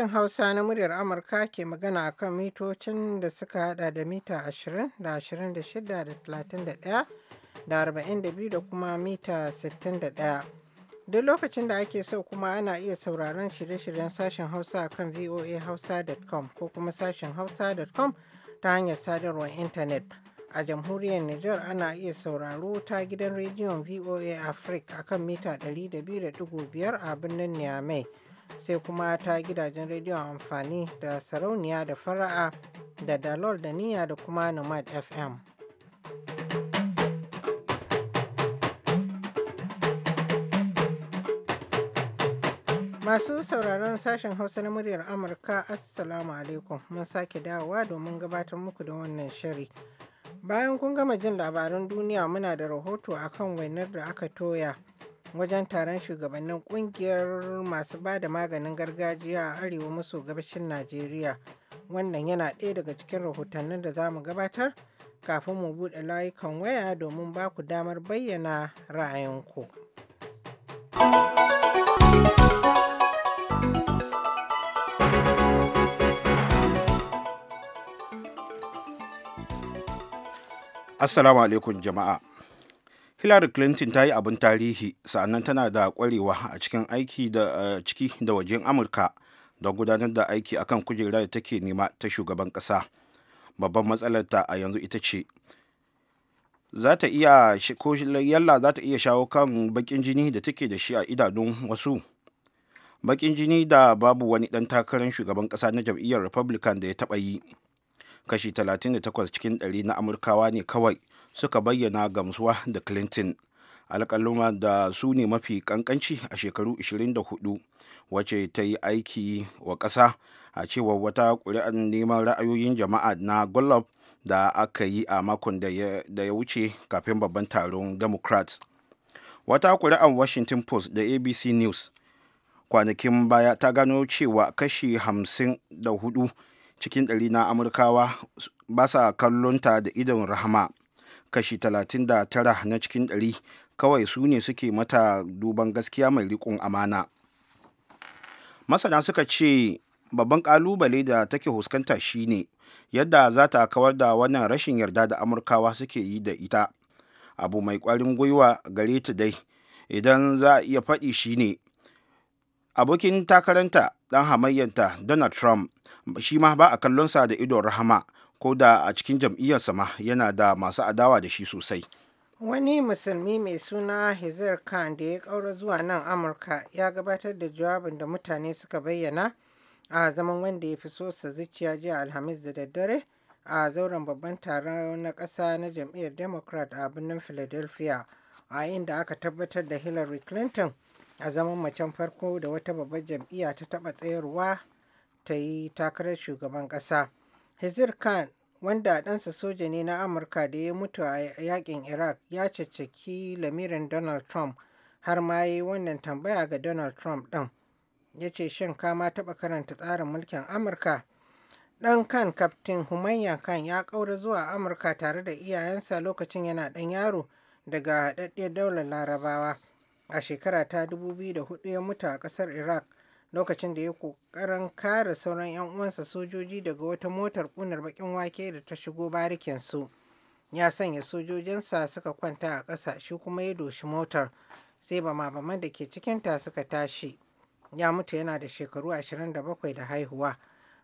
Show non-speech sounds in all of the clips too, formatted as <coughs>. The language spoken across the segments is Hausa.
Sashen Hausa na muryar Amurka ke magana a kan mitocin da suka hada da mita 20 da 26 da 31 da 42 da kuma mita 61. Duk lokacin da ake so kuma ana iya sauraron shirye-shiryen sashen Hausa a kan voahausa.com ko kuma sashen hausa.com ta hanyar sadarwar intanet. A jamhuriyar Nijar ana iya sauraro ta gidan rediyon VOA Africa a kan mita 200.5 a birnin Niamey. sai kuma ta gidajen rediyon amfani da sarauniya da fara'a da dalol da niyya da kuma nomad fm masu sauraron sashen hausa na muryar amurka assalamu alaikum mun sake dawowa domin gabatar muku da wannan shiri bayan kun gama jin labaran duniya muna da rahoto akan wainar da aka toya wajen taron shugabannin kungiyar masu ba da maganin gargajiya a arewa maso gabashin Najeriya. Wannan yana ɗaya daga cikin rahotannin da za mu gabatar kafin mu buɗe layukan waya domin ba ku damar bayyana ra'ayinku. Assalamu alaikum jama'a. hillary clinton ta yi abin tarihi sa'annan tana da kwarewa a cikin aiki da ciki da wajen amurka don gudanar da aiki akan kujera da take nema ta shugaban ƙasa. babban matsalarta a yanzu ita ce za ta iya ko yalla za ta iya shawo kan bakin jini da take da shi a idanun wasu bakin jini da babu wani ɗan takarar shugaban kasa na jam'iyyar republican da ya taɓa yi kashi 38 cikin ɗari na amurkawa ne kawai suka bayyana gamsuwa da clinton alƙaluma da su ne mafi ƙanƙanci a shekaru 24 wacce ta yi aiki wa ƙasa a cewa wata ƙuri'ar neman ra'ayoyin jama'a na gollop da aka yi a makon da ya wuce kafin babban taron democrats wata ƙuri'ar washington post da abc news kwanakin baya ta gano cewa kashi 54 cikin ɗari na amurkawa ba sa kallonta da idon rahama kashi 39 na cikin 100 kawai su ne suke mata duban gaskiya mai riƙon amana masana suka ce babban kalubale da take huskanta shine yadda za ta kawar da wannan rashin yarda da amurkawa suke yi da ita abu mai ƙwarin gwiwa gare ta dai idan za a iya faɗi shine abokin takaranta ɗan hamayyanta donald trump shi ma ba a kallonsa da idon rahama ko da a cikin jam'iyyarsa ma yana da masu adawa da shi sosai wani musulmi mai suna hezir khan da ya ƙaura zuwa nan amurka ya gabatar da jawabin da mutane suka bayyana a zaman wanda ya fi so sa zuciya jiya alhamis da daddare a zauren babban taron na ƙasa na jam'iyyar democrat a birnin philadelphia a inda aka tabbatar da hillary clinton a zaman macen farko da wata babbar jam'iyya ta taɓa tsayarwa ta yi takarar shugaban ƙasa Hezir Khan, wanda ɗansa soja ne na Amurka da ya mutu a yakin Iraq, ya caccaki lamirin Donald Trump har ma yi wannan tambaya ga Donald Trump ɗin. Ya ce shin kama taɓa karanta tsarin mulkin Amurka? Ɗan kan Kaftin Humayya Khan ya ƙaura zuwa Amurka tare da iyayensa lokacin yana ɗan yaro daga haɗaɗɗiyar daular Larabawa. A shekara ta 2004 ya mutu a ƙasar Iraq lokacin da ya kokarin kare sauran 'yan uwansa sojoji daga wata motar kunar bakin wake da ta shigo barikin su ya sanya sojojinsa suka kwanta a ƙasa shi kuma ya doshi motar sai bama-baman da ke cikinta suka tashi ya mutu yana da shekaru 27 da haihuwa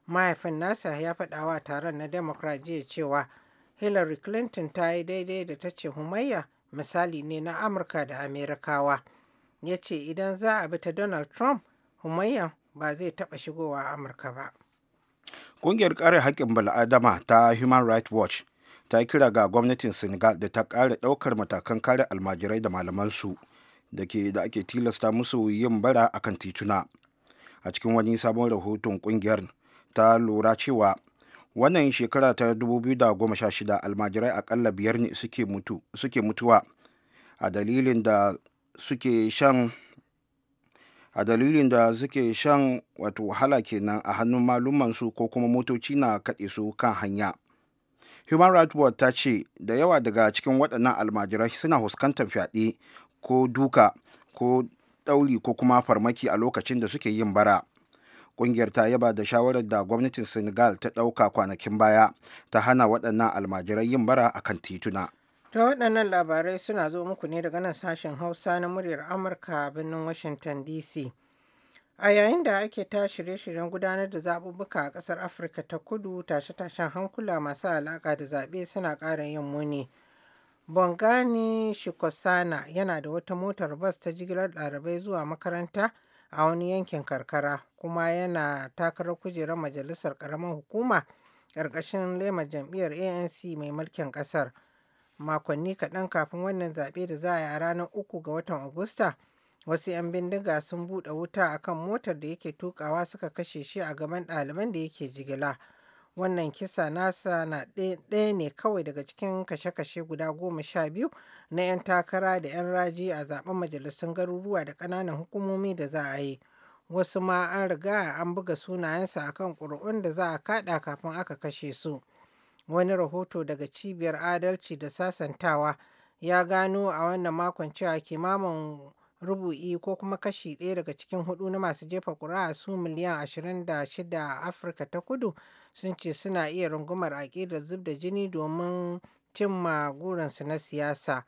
mahaifin nasa ya faɗawa taron na democrat jiya cewa hillary clinton ta yi daidai da ta ce humayya misali ne na amurka da amerikawa ya ce idan za a bi ta donald trump umayyan ba zai taɓa shigowa Amurka ba. Ƙungiyar kare haƙƙin bala'adama ta Human Rights Watch ta yi kira ga gwamnatin Senegal da ta ƙara ɗaukar matakan kare almajirai da malamansu da ke da ake tilasta musu yin bara a kan tituna. A cikin wani sabon rahoton ƙungiyar ta lura cewa wannan shekara ta 2016 almajirai aƙalla biyar ne suke mutuwa a dalilin da suke shan a dalilin da suke shan wato wahala kenan a hannun malumansu ko kuma motoci na kaɗe su kan hanya human rights watch ta ce da yawa daga cikin waɗannan almajirai suna fuskantar fyaɗe ko duka ko ɗauli ko kuma farmaki a lokacin da suke yin bara ƙungiyar ta yaba da shawarar da gwamnatin senegal ta ɗauka kwanakin baya ta hana waɗannan almajirai yin bara akan tituna Ta waɗannan labarai suna zo muku ne daga nan sashen Hausa na muryar Amurka a birnin Washington DC. A yayin da ake ta shirye-shiryen gudanar da zaɓuɓɓuka a ƙasar Afirka ta kudu tashe-tashen hankula masu alaƙa da zaɓe suna ƙara yin muni. Bongani Shikosana yana da wata motar bas ta jigilar ɗalibai zuwa makaranta a wani yankin karkara kuma yana takarar kujerar majalisar ƙaramin hukuma ƙarƙashin lema jam'iyyar ANC mai mulkin ƙasar. makonni kaɗan kafin wannan zaɓe da za a yi a ranar uku ga watan Agusta, wasu 'yan bindiga sun buɗe wuta a kan motar da yake tukawa suka kashe shi a gaban ɗaliban da yake jigila. Wannan kisa nasa na ɗaya ne kawai daga cikin kashe-kashe guda goma sha biyu na 'yan takara da 'yan raji a zaben majalisun garuruwa da ƙananan hukumomi da za a yi. Wasu ma an riga an buga sunayensa akan ƙuri'un da za a kaɗa kafin aka kashe su. Wani rahoto daga Cibiyar Adalci da Sasantawa ya gano a wannan makon cewa kimamin rubu'i ko kuma kashi ɗaya daga cikin hudu na masu jefa ƙuri'a su miliyan 26 a Afirka ta kudu sun ce suna iya rungumar aƙidar zub da jini domin cimma gurinsu na siyasa.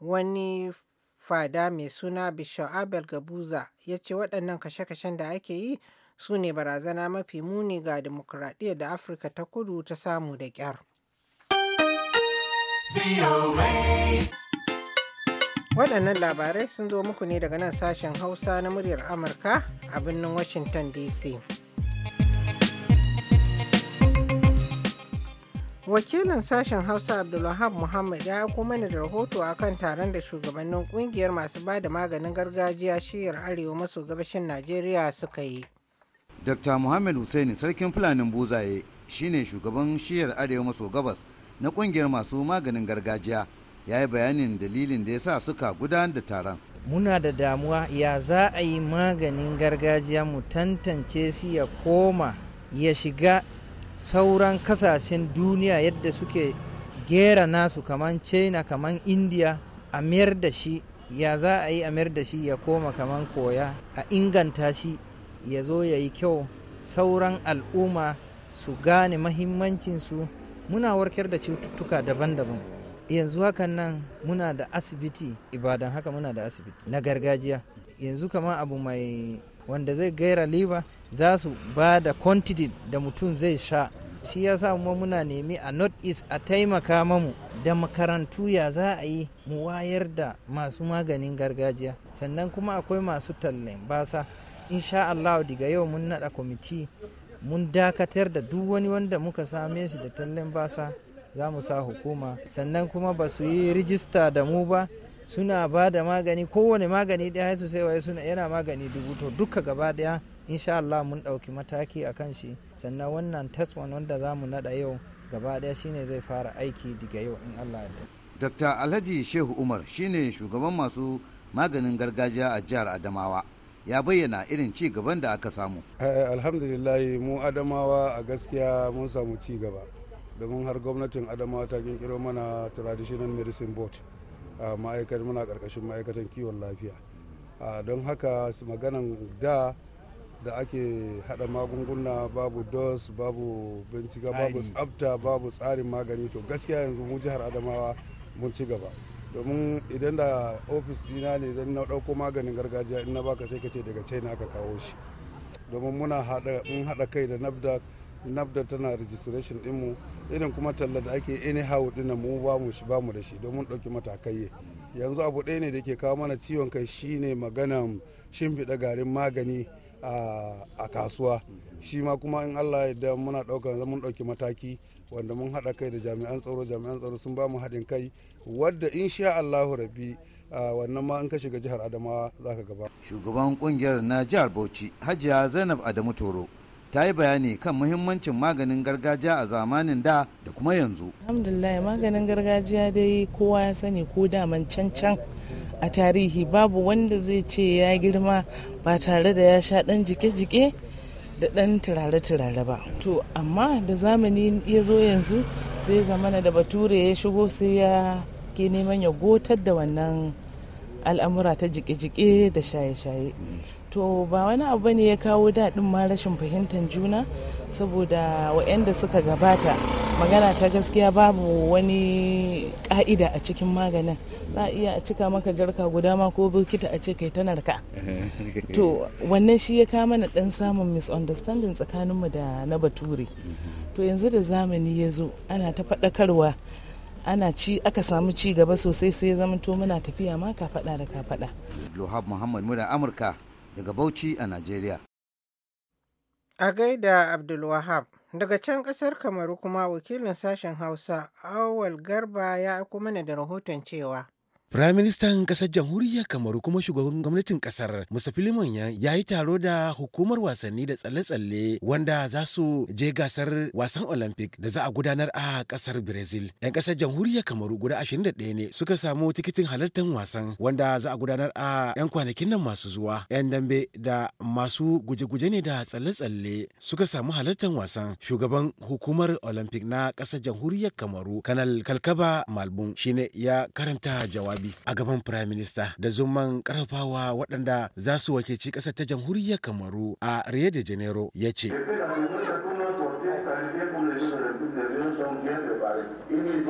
Wani fada mai suna Bishop Abel Gabuza ya ce waɗannan kashe-kashen da ake yi su ne barazana mafi muni ga demokuraɗiyya da afirka ta kudu ta samu da kyar. waɗannan labarai sun zo muku ne daga nan sashen hausa na muryar amurka a birnin washington dc wakilin sashen hausa abdulwahab muhammad ya kuma mana da rahoto a kan taron da shugabannin kungiyar masu ba da maganin gargajiya shiyar arewa maso gabashin najeriya suka yi dr muhammed hussaini sarkin fulanin buzaye shine shugaban shiyar arewa maso gabas na kungiyar masu maganin gargajiya ya yi bayanin dalilin da ya sa suka gudanar da taron muna da damuwa ya za a yi maganin gargajiya mu tantance shi ya koma ya shiga sauran kasashen duniya yadda suke gera nasu kaman china kaman india a mayar da shi ya za a yi a mayar da shi ya koma kaman koya a inganta shi ya zo ya yi kyau sauran al'umma su gane mahimmancinsu muna warkar da cututtuka daban-daban yanzu hakan nan muna da asibiti ibadan haka muna da asibiti na gargajiya yanzu kama abu mai wanda zai gaira liba za su ba da quantity da mutum zai sha shi ya sa mu muna nemi a north east a taimaka mamu da makarantu ya za a yi mu wayar da masu maganin gargajiya sannan kuma akwai masu tallen basa insha Allah daga yau mun naɗa kwamiti mun dakatar da duk wani wanda muka same shi da tallen basa za mu sa hukuma sannan kuma ba su yi rijista da mu ba suna ba da magani kowane magani ɗaya haisu sai waye suna yana magani dubu to duka gaba ɗaya insha Allah mun ɗauki mataki a kan shi sannan wannan one wanda za mu naɗa yau gaba ɗaya shine zai fara aiki daga yau in Allah ya Dr. Alhaji Shehu Umar shine shugaban masu maganin gargajiya a jihar Adamawa. ya bayyana irin ci gaban da aka samu. Eh, alhamdulillah mu Adamawa a gaskiya mun samu ci gaba domin har gwamnatin Adamawa ta kinkiro mana Traditional Medicine Board a ma'aikatan muna karkashin ma'aikatan kiwon lafiya. Don haka maganan da da ake hada magunguna babu dos babu bincika babu tsafta babu tsarin magani to gaskiya yanzu mu jihar Adamawa mun ci gaba. domin idan da ofis dina ne zan na dauko maganin gargajiya in na baka sai ka ce daga china aka kawo shi domin muna hada kai da nabda tana registration dinmu irin kuma talla da ake anyhow dinnan mu ba mu shi ba mu da shi domin ɗauki matakai yanzu abu ɗaya ne da ke kawo mana ciwon kai shine maganan shimfiɗa garin magani a kasuwa shi ma kuma in allah yadda muna daukan mun ɗauki mataki wanda mun haɗa kai da jami'an tsaro jami'an tsaro sun ba mu haɗin kai wadda sha allahu rabi wannan ma in ka shiga jihar adamawa za ka gaba shugaban kungiyar na jihar bauchi hajiya zainab adamu toro ta yi bayani kan muhimmancin maganin gargajiya a zamanin da da kuma yanzu alhamdulillah maganin gargajiya dai kowa ya sani ko daman can can a tarihi babu wanda zai ce ya girma ba tare da ya sha ɗan jike-jike da ɗan turare-turare ba to amma da zamani ya zo yanzu sai zamana da bature ya shigo sai ya ke neman ya gotar da wannan al'amura ta jike-jike da shaye-shaye to ba wani abu bane ya kawo daɗin ma rashin fahimtar juna saboda waɗanda suka gabata magana ta gaskiya babu wani ƙa'ida a cikin maganin za a iya cika maka jarka guda ma ko bukita a ce kai tanar ka <laughs> to wannan shi ya kama na ɗan samun misunderstanding tsakaninmu da na bature to yanzu da zamani ya zo ana ta faɗakarwa ana ci aka samu ci gaba sosai sai zama to muna tafiya ma ka faɗa da ka faɗa. Amurka daga Bauchi a Najeriya. A gaida Abdulwahab daga can ƙasar Kamaru kuma wakilin sashen Hausa Awal Garba ya aiko mana da rahoton cewa. Firaministan ƙasar jamhuriyar Kamaru kuma shugaban gwamnatin ƙasar Musa Limanyan ya yi taro da hukumar wasanni da tsalle-tsalle wanda za su je gasar wasan Olympic da za a gudanar a ƙasar Brazil. 'Yan ƙasar jamhuriyar Kamaru guda 21 ne suka samu tikitin halartar wasan wanda za a gudanar a 'yan kwanakin nan masu zuwa. 'Yan dambe da masu guje-guje ne da tsalle-tsalle suka samu halartar wasan. Shugaban hukumar Olympic na ƙasar jamhuriyar Kamaru Kanal Kalkaba Malbun shine ya karanta jawabi. a gaban Prime Minister da zuman karfafawa waɗanda za su wakilci ƙasar ta jamhuriyar Kamaru a Rio de Janeiro ya ce. Ils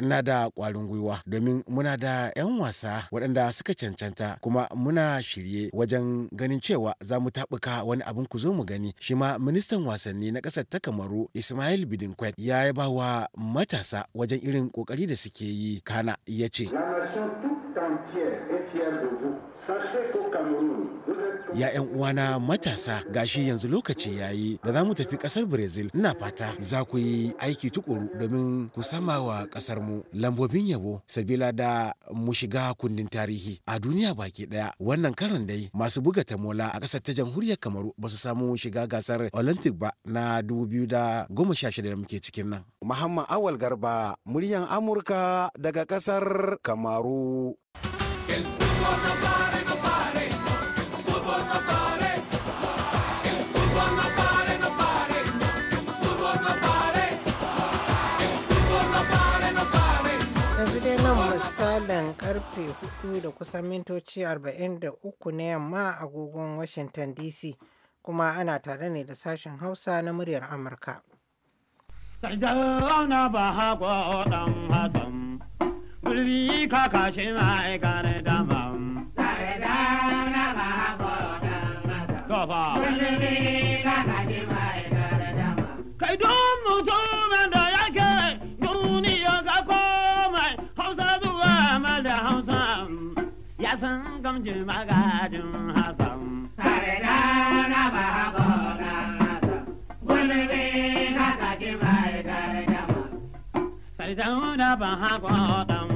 ina da ƙwarin gwiwa domin muna da 'yan wasa waɗanda suka cancanta kuma muna shirye wajen ganin cewa za mu taɓuka wani abin ku zo mu gani shi ma ministan wasanni na ƙasar ta kamaru ismail bidinkwet ya yaba wa matasa wajen irin ƙoƙari da suke yi kana ya ce Ya 'yan uwana matasa gashi yanzu lokaci yayi da za mu tafi ƙasar Brazil. Ina fata za ku yi aiki tukuru domin ku sama wa ƙasar mu lambobin yabo sabila da mu shiga kundin tarihi a duniya baki ɗaya. Wannan karan dai masu buga tamola a ƙasar ta jamhuriyar Kamaru ba su samu shiga gasar Olympic ba na 2016 da muke cikin nan. Muhammad Awal Garba, muryan Amurka daga ƙasar Kamaru. misalin karfe 4 da kusan mintoci 43 na yamma a gogon Washington DC kuma ana tare ne da sashen Hausa na muryar Amurka. Sardauna ba haƙo ɗan hasan Turbi kaka shi mai kare dama. Kare na ba kota mata. Tofa. Turbi kaka shi mai kare dama. Kai don mutumin da yake duniya ga komai Hausa zuwa mada Hausa. Ya san gamji magajin Hassan. Kare na ba kota mata. Turbi kaka shi mai kare dama. Sarjan da ba kota mata.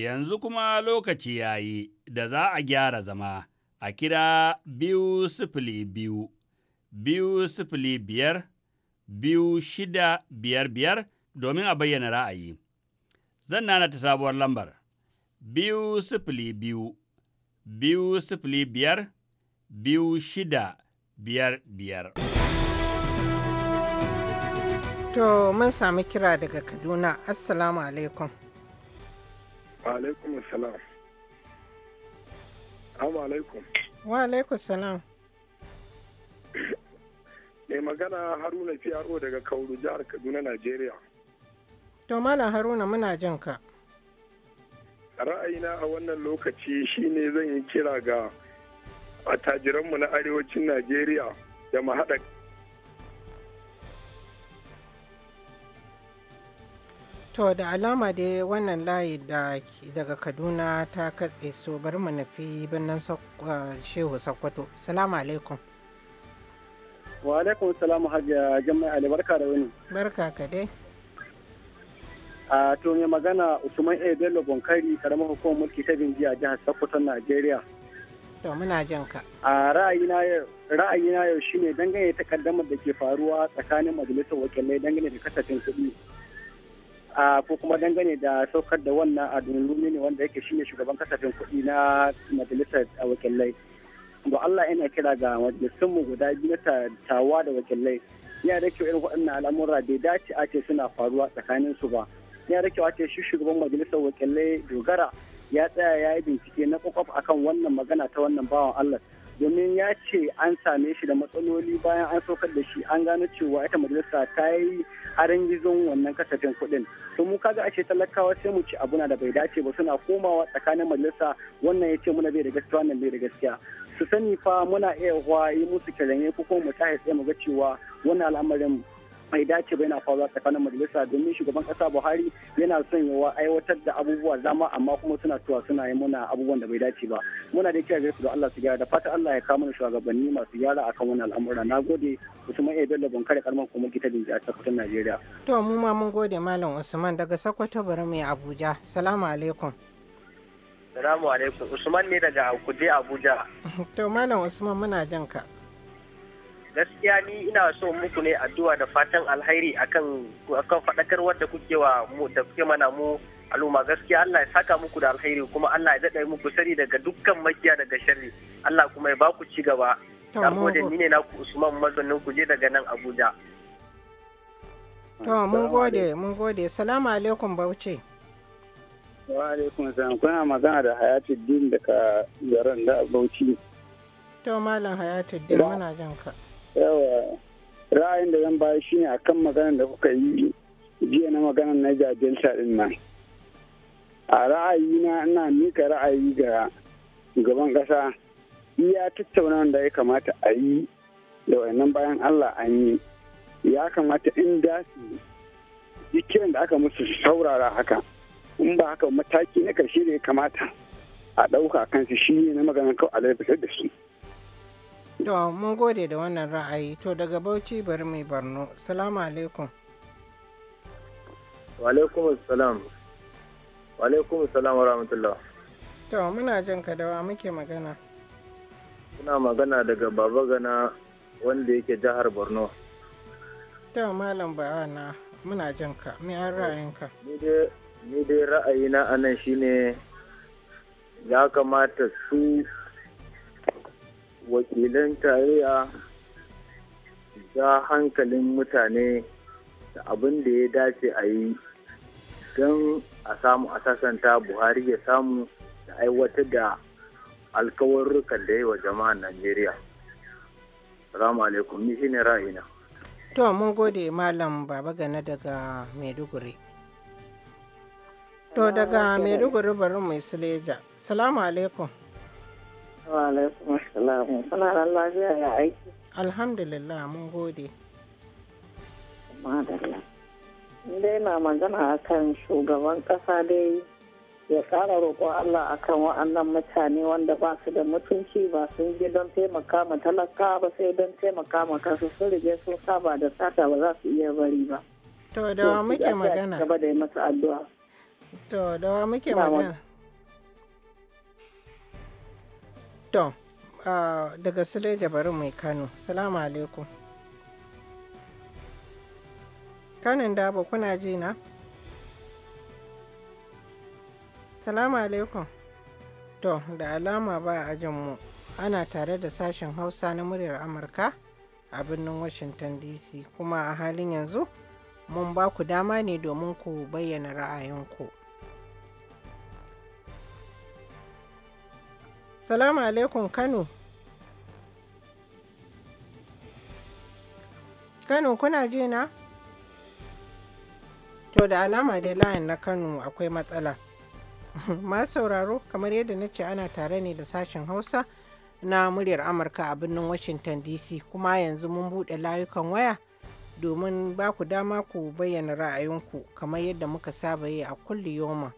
yanzu kuma lokaci ya yi da za a gyara zama a kira biyu sifili biyu, biyu sifili biyar, biyu shida biyar biyar domin a bayyana ra'ayi. Zan nana ta sabuwar lambar, biyu sifili biyu, biyu sifili biyar, biyu shida biyar biyar. To, mun sami kira daga Kaduna, Assalamu alaikum. Wa alaikum salam. <coughs> Mai magana Haruna PRO daga Kauru jihar Kaduna, Najeriya. To Malam Haruna muna jin ka. Ra'ayina a wannan lokaci shine zan yi kira ga attajiranmu na arewacin Najeriya da mu To da alama da wannan layi daga Kaduna ta katse so bar mu nufi birnin eh, Shehu Sokoto. Salamu alaikum. Wa alaikum salamu hajiya jama'a Ali barka da wani. Barka ka dai. A to mai magana Usman A Bello Bonkari karamar hukumar mulki ta Binji a jihar Sokoto Najeriya. To muna jin ka. A ra'ayi ra'ayina yau shine dangane takaddamar da ke faruwa tsakanin majalisar wakilai dangane da kasafin kuɗi. ko kuma dangane da saukar da wannan a lumi ne wanda yake shine shugaban kasafin kuɗi na majalisar wakilai ba Allah yana kira ga mu guda biyu na tawa da wakilai yana da kyau irin waɗannan al'amura bai dace a ce suna faruwa tsakanin su ba yana da kyau a ce shi shugaban majalisar wakilai dogara ya tsaya ya yi bincike na kwakwaf akan wannan magana ta wannan bawan Allah domin ya ce an same shi da matsaloli bayan an saukar da shi an gano cewa ita majalisa ta yi harin gizon wannan kasafin kuɗin to mu kaga ashe talakawa sai mu ci abuna da bai dace ba suna komawa tsakanin majalisa wannan ya ce muna bai da gaskiya wannan bai da gaskiya su sani fa muna iya yi musu kiranye ko kuma mu tahe tsaye mu ga cewa wannan al'amarin bai dace ba yana faruwa tsakanin majalisa domin shugaban kasa buhari yana son yawa aiwatar da abubuwa zama amma kuma suna tuwa suna yi muna abubuwan da bai dace ba muna da kiyaye su da allah su gyara da fata allah ya kama shugabanni masu gyara akan wannan al'amura na gode usman ya bello ban kare karman kuma gita da a sakkwato najeriya. to mu ma mun gode malam usman daga sokoto bari mu abuja salamu alaikum. salamu alaikum usman ne daga kuje abuja. <laughs> to malam usman muna jan ka. gaskiya ni ina so muku ne addu'a da fatan alhairi akan akan faɗakarwar da kuke wa mu da kuke mana mu al'umma gaskiya Allah ya saka muku da alhairi kuma Allah ya daɗa muku sari daga dukkan makiya daga sharri Allah kuma ya ba ku ci gaba ta gode ni ne naku Usman mazanin ku je daga nan Abuja to mun gode mun gode salamu alaikum Bauchi wa alaikum salam kuna magana da Hayatuddin daga garin da Bauchi to malam Hayatuddin muna jinka ka yawa ra'ayin da zan bayar shine akan maganar da kuka yi jiya na maganar na jajen din nan a ra'ayi na ina mika ra'ayi ga gaban ƙasa iya tattauna da ya kamata a yi da wannan bayan allah an yi ya kamata in da su yi kiran da aka musu saurara haka in ba haka mataki na karshe da ya kamata a ɗauka kansu shi ne na maganar kawai a da su. To mun gode da wannan ra'ayi to daga Bauchi bari mai barno. Salamu alaikum. Wa alaikum salam. Wa alaikum salam wa rahmatullah. To muna jin ka dawa muke magana. Muna magana daga Baba Gana wanda yake jihar Borno. To malam bayana muna jin ka me an ra'ayinka? Ni dai ra'ayina anan shine ya kamata su wakilan tarayya za hankalin mutane da abin da ya dace a yi don a samu a sasanta buhari ya samu da aiwata da alkawarrukan da ya yi wa jama'an najeriya salamu alaikum ni shine ra'ina to mun gode malam baba gana daga maiduguri to daga maiduguri bari mai suleja salamu alaikum Alhamdulillah mun gode. Madalla. Dai na magana akan shugaban kasa dai ya ƙara roƙon Allah akan wa'annan mutane wanda ba su da mutunci ba sun je don taimaka ma talaka ba sai don taimaka ma kansu sun rige sun saba da sata ba za su iya bari ba. To da wa muke magana? Gaba da yi masa addu'a. To da wa muke magana? to daga sule jabarin mai kano salamu alaikum kanin dabo kuna ji na salamu alaikum to da alama ba a ajinmu ana tare da sashen hausa na muryar amurka a birnin washington dc kuma a halin yanzu mun ba ku dama ne domin ku bayyana ra'ayinku salamu alaikum kano kano kuna ji na to da alama da layin na kano akwai matsala <laughs> masu sauraro kamar yadda na ce ana tare ne da sashen hausa na muryar amurka a birnin washington dc kuma yanzu mun buɗe layukan waya domin ba ku dama ku bayyana ra'ayinku kamar yadda muka saba yi a kulli yoma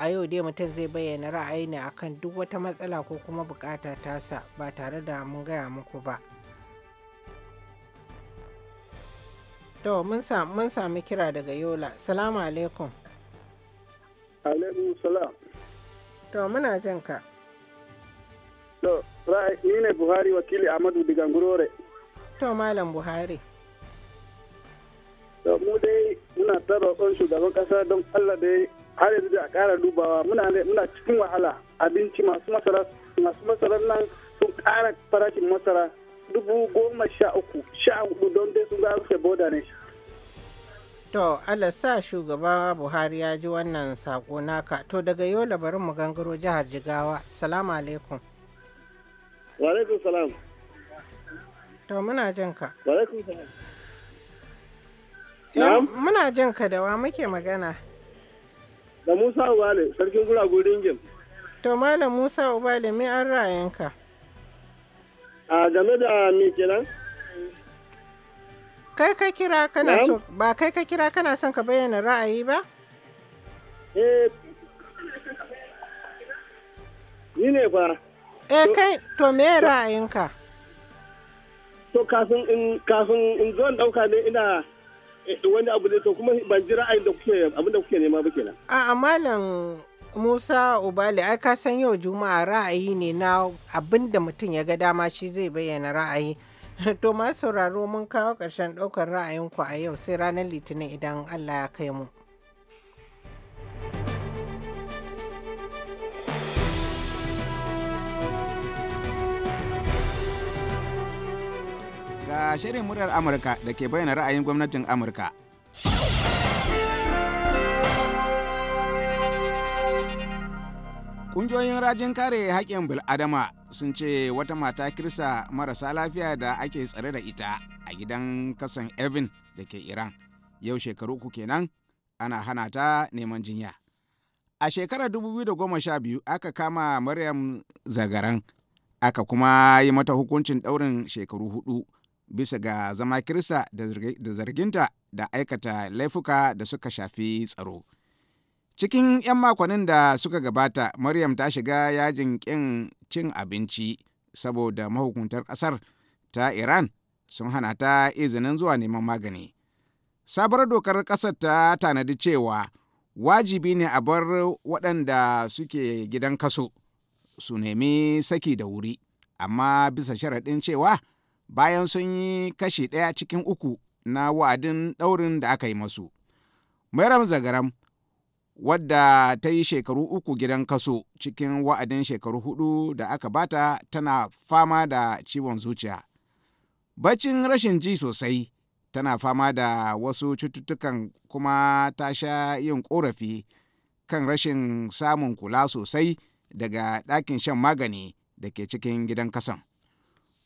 a yau dai mutum zai bayyana ra'ayi ne akan duk wata matsala ko kuma bukata tasa ba tare da mun gaya muku ba to mun sami kira daga yola salamu alaikum salam to muna jin ka to ra'ayi ni ne buhari wakili amadu daga ngurore to malam buhari to mu dai muna ta roƙon shugaban ƙasa don allah dai har yanzu da a ƙara dubawa muna cikin wahala abinci masu masara masu masarar nan sun ƙara farashin masara dubu goma sha uku sha hudu don dai sun rufe boda ne. To, Allah sa shugaba Buhari ya ji wannan sako naka. To daga Yola bari mu gangaro jihar Jigawa. Salamu alaikum. Wa alaikum salam. To muna jin ka. Wa alaikum salam. Muna jin ka da wa muke magana. da Musa Ubale sarkin guragun ringin. To Malam Musa Ubale me an rayanka? A game da me kenan? Kai ka kira kana so ba kai ka kira kana son ka bayyana ra'ayi ba? Eh Ni ne fa. Eh kai to me ra'ayinka? To kafin in kafin in zo in dauka ne ina Eh, wani abu ne to kuma ban ji ra'ayin da kuke abin da kuke nema ba kenan a malam Musa Ubali ai ka san yau Juma'a ra'ayi ne na abin da mutum ya ga dama shi zai bayyana ra'ayi. <laughs> to ma sauraro mun kawo ƙarshen ɗaukar ra'ayinku a yau sai ranar Litinin idan Allah ya kai mu. shirin muryar Amurka da ke bayyana ra'ayin gwamnatin Amurka. Kungiyoyin rajin kare haƙƙin bil'adama sun ce wata mata kirsa marasa lafiya da ake tsare da ita a gidan kasan Evin da ke Iran. Yau shekaru uku kenan ana hana ta neman jinya. A shekarar 2012 aka kama Maryam Zagaran. aka kuma yi mata hukuncin ɗaurin shekaru hudu bisa ga zama kirista da zarginta da aikata laifuka da suka shafi tsaro. Cikin 'yan makonnin da suka gabata, Maryam ta shiga yajin ƙin cin abinci saboda mahukuntar ƙasar ta Iran sun hana ta izinin zuwa neman magani. Sabuwar dokar ƙasar ta tanadi cewa wajibi ne a bar waɗanda suke gidan kaso su nemi saki da wuri, amma bisa sharaɗin cewa bayan sun yi kashi ɗaya cikin uku na wa'adin ɗaurin da aka yi masu. Mairam Zagaram, wadda ta yi shekaru uku gidan kaso cikin wa'adin shekaru hudu da aka bata tana fama da ciwon zuciya. baccin rashin ji sosai, tana fama da wasu cututtukan kuma ta sha yin ƙorafi kan rashin samun kula sosai daga ɗakin shan magani da ke cikin gidan kasan.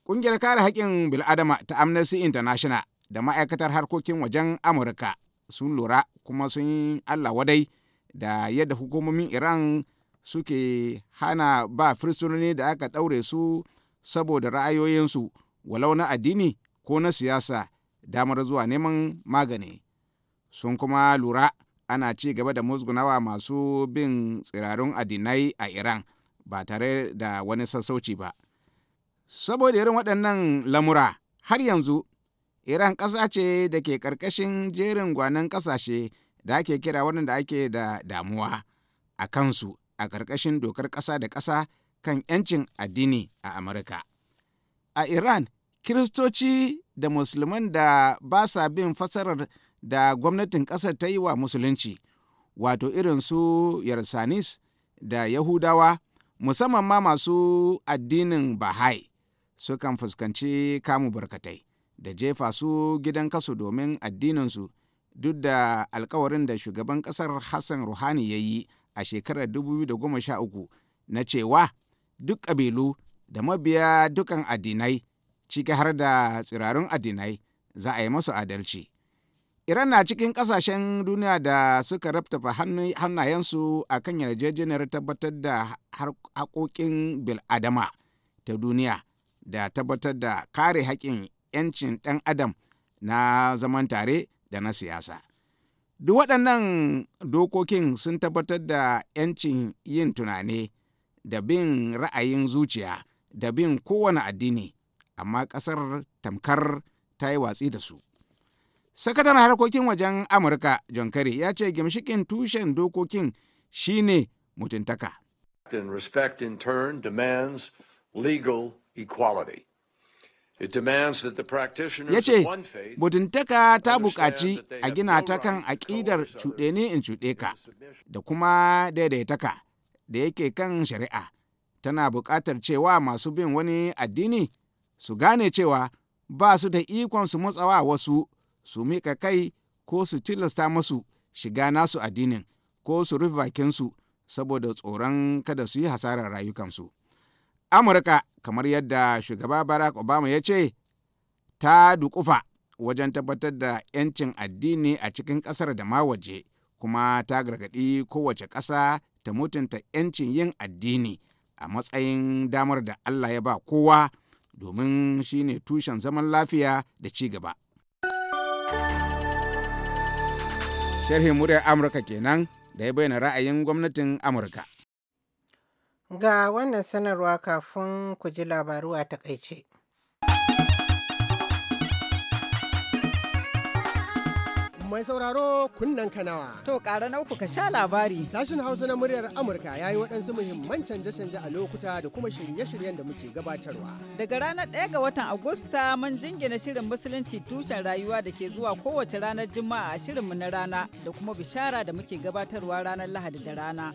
Ƙungiyar kare haƙƙin bil'adama ta Amnesty International da ma'aikatar harkokin wajen Amurka sun lura kuma sun yi Allah wadai da yadda hukumomin Iran suke hana ba fursunoni da aka ɗaure su saboda ra'ayoyinsu walau na addini ko na siyasa damar zuwa neman magani. Sun kuma lura ana ci gaba da musgunawa masu bin tsirarun addinai a Iran ba tare da wani sassauci ba. Saboda irin waɗannan lamura har yanzu Iran ƙasa ce da ke ƙarƙashin jerin gwanon ƙasashe da ake kira waɗanda ake da damuwa a kansu a ƙarƙashin dokar ƙasa da ƙasa kan 'yancin addini a Amurka. A Iran, Kiristoci da Musulman da ba sa bin fasarar da gwamnatin ƙasar ta yi wa Musulunci, wato irin su Yarsanis da Yahudawa, musamman ma masu addinin Bahai, sukan fuskanci kamu barkatai da jefa su gidan kasu domin addininsu duk da alkawarin da shugaban kasar Hassan Ruhani ya yi a shekarar 2013 na cewa duk ƙabilu da mabiya dukan addinai ciki har da tsirarun addinai za a yi masu adalci. Iran na cikin kasashen duniya da suka raftafa hannayensu a kan yarjejeniyar tabbatar da haƙoƙin bil'adama ta duniya da tabbatar da kare haƙƙin 'yancin ɗan adam na zaman tare da na siyasa. Duk waɗannan dokokin sun tabbatar da 'yancin yin tunani da bin ra'ayin zuciya da bin kowane addini, amma ƙasar tamkar ta yi watsi da su. Sakataren harkokin wajen Amurka John Kerry ya ce gimshikin tushen dokokin shine mutuntaka. in respect in turn legal equality. Ya ce, mutuntaka ta buƙaci a gina ta kan aƙidar cuɗe ni in cuɗe ka da kuma daidaitaka da yake kan shari'a. Tana buƙatar cewa masu bin wani addini su gane cewa ba su da ikon su matsawa wasu su miƙa kai ko su tilasta masu shiga nasu addinin ko su rufe bakinsu saboda tsoron kada su yi hasarar rayukansu. Amurka kamar yadda shugaba barack obama ya ce ta dukufa wajen tabbatar da 'yancin addini a cikin ƙasar da ma waje kuma ta gargaɗi kowace ƙasa ta mutunta 'yancin yin addini a matsayin damar da allah ya ba kowa domin shine tushen zaman lafiya da ci gaba sharhin muryar amurka kenan da ya bayyana ra'ayin gwamnatin amurka Ga wannan sanarwa kafin ku ji labaru a takaice. mai sauraro kunnen kanawa. To ƙara na uku ka sha labari. sashin Hausa na muryar Amurka ya yi waɗansu muhimman canje-canje a lokuta da kuma shirye-shiryen da muke gabatarwa. Daga ranar ɗaya ga watan Agusta mun jingina shirin Musulunci tushen rayuwa da ke zuwa kowace ranar Juma'a a shirinmu na rana da kuma bishara da muke gabatarwa ranar Lahadi da rana.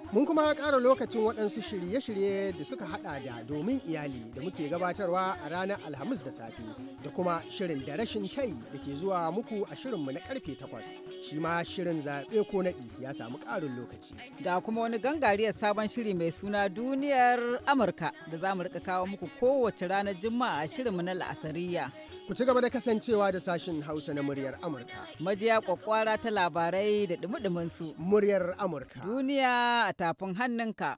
Mun kuma ƙara lokacin waɗansu shirye-shirye da suka haɗa da domin iyali da muke gabatarwa a ranar Alhamis da safe da kuma shirin da rashin tai da ke zuwa muku a shirinmu na karfe takwas. Shi ma shirin zaɓe ko naɗi ya samu karin lokaci. Ga kuma wani gangariyar sabon shiri mai suna duniyar Amurka da za mu rika kawo muku kowace ranar Juma'a a shirinmu na La'asariya. Ku ci gaba da kasancewa da sashin Hausa na muryar Amurka. Majiya kwakwara ta labarai da dumi su. Muryar Amurka. Duniya a tafin hannunka.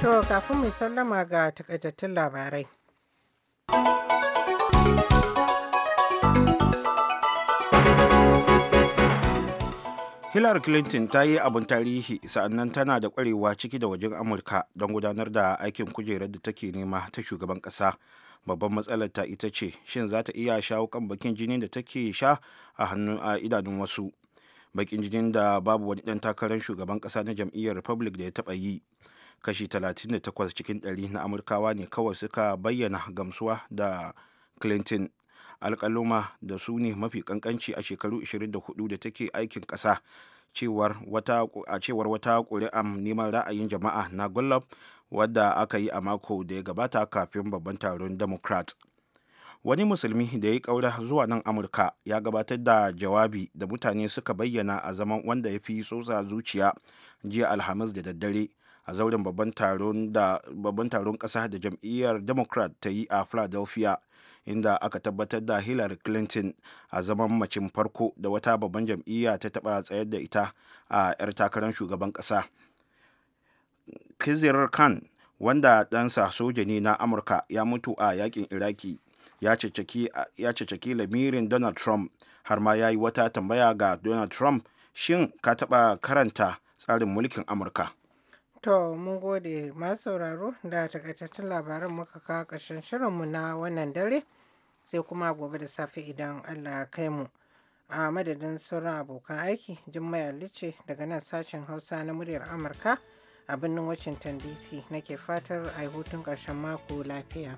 To kafin mu sallama ga takaitattun labarai. hillary clinton ta yi abin tarihi sa'annan tana da kwarewa ciki da wajen amurka don gudanar da aikin kujerar da take nema ta shugaban kasa babban matsalar ta ita ce shin za ta iya shawo kan bakin jini da take sha a hannun a idanun wasu bakin jini da babu wani dan takarar shugaban kasa na jam'iyyar republic da ya taɓa yi kashi 38 cikin 100 na amurkawa ne kawai suka bayyana gamsuwa da clinton alkaluma da su ne mafi kankanci a shekaru 24 da take aikin ƙasa a cewar wata ƙuri'am neman ra'ayin jama'a na gullab wadda aka yi a mako da ya gabata kafin babban taron democrat wani musulmi da ya yi ƙaura zuwa nan amurka ya gabatar da jawabi da mutane suka bayyana a zaman wanda ya fi tsotsa zuciya jiya alhamis da daddare a zauren babban taron ƙasa da jam'iyyar democrat ta yi a philadelphia inda aka tabbatar da hillary clinton a zaman macin farko da wata babban jam'iyya ta taɓa tsayar da ita a 'yar takarar shugaban ƙasa kizir khan wanda ɗansa soja ne na amurka ya mutu a yakin iraki ya ceceki lamirin donald trump har ma ya yi wata tambaya ga donald trump shin ka taɓa karanta tsarin mulkin amurka To mun gode masu sauraro da takaitattun labaran muka kawo ƙarshen shirinmu na wannan dare sai kuma gobe da safe idan Allah ya kai mu. A madadin sauran abokan aiki Jummai Alice daga nan sashen Hausa na muryar Amurka a birnin Washington DC nake fatar a hutun ƙarshen mako lafiya.